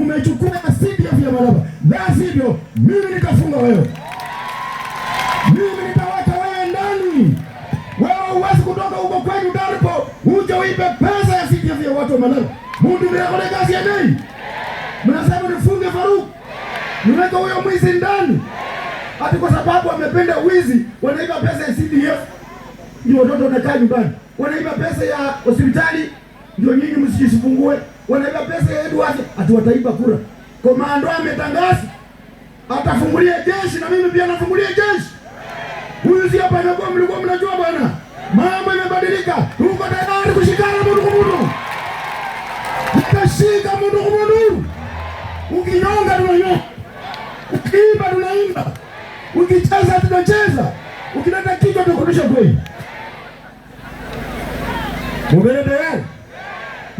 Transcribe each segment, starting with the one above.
umechukua CDF ya Malaba, la sivyo mimi nitafunga wewe, mimi nitaweka wewe ndani. Wewe uwezi kutoka huko kwenu Daripo uje uibe pesa ya CDF ya watu wa Malaba. Mundu mnakole kazi ya nei, mnasema nifunge Faruk, niweke huyo mwizi ndani, ati kwa sababu amependa wizi, wanaiba pesa ya CDF ndio watoto wanakaa nyumbani, wanaiba pesa ya hospitali ndio nyinyi msijisumbue. Wanaiba pesa ya Edward, atuwataiba wataiba kura. Komando ametangaza atafungulia jeshi, na mimi pia nafungulia jeshi. Huyu si hapa anakuwa, mlikuwa mnajua bwana, mambo yamebadilika. Tuko tayari kushikana mtu mundu kumundu, mtu mundu kumundu. Ukinyonga tunanyonga, ukiimba tunaimba, ukicheza tunacheza, ukileta kichwa tukurudisha kweli. Mubele tayari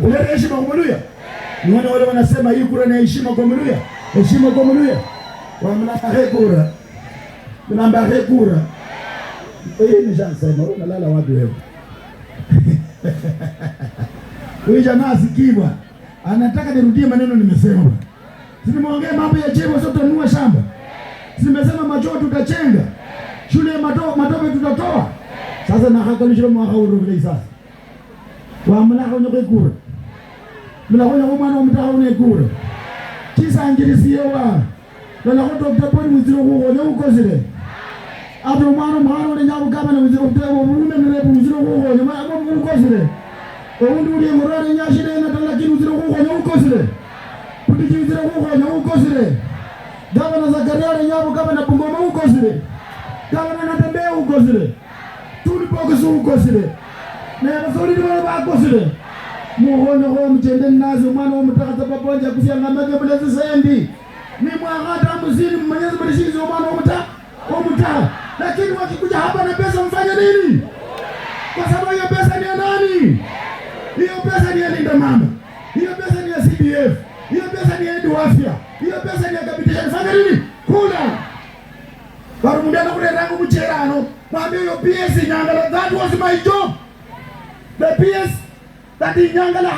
Kuleta heshima kwa Muluya. Niona wale wanasema hii kura ni heshima kwa Muluya. Heshima kwa Muluya. Wamnamba he kura. Mnamba he kura. Hii ni chance sema unalala wapi wewe? Huyu jamaa asikiwa. Anataka nirudie maneno nimesema. Simeongea mambo ya chemba sio tutanua shamba. Simesema macho tutachenga. Shule ya mato matope tutatoa. Sasa na hakalishwa mwaka huu ndio sasa. Wamna hapo nyoko kura mnakwenda kumwana womutaka unegula tisanjirisiye wala lolakhuti okutaponi mwizire khukho neukozile ata omwana omukhana uli nyakugamba newizireovurumenire wizire khukhonya aba oundi uli engorware nyashile enata lakini wizire khukhonya ukozile putiki wizire khukhonya ukozile gavana zakaria uli nyakugamba napungoma ukozile gavana natembeya ukozile tulipokisi ukozile nevasolili wala vakosile mukhona mchende nnasi mwana womutakhatsa paponja kusyanga magebula zisendi nimwakhata musini mumanyezi muli shinzi omwana womuta womutakha lakini wakikuja hapa na pesa mfanye nini kwa sababu hiyo pesa ni ya nani hiyo pesa ni ya linda mama hiyo pesa ni ya CDF hiyo pesa ni ya edu afya hiyo pesa ni ya kapitisha nifanye nini kula varumundu anakurerangu mucherano mwambia hiyo PS nyangala that was my job the PS That is Yangala.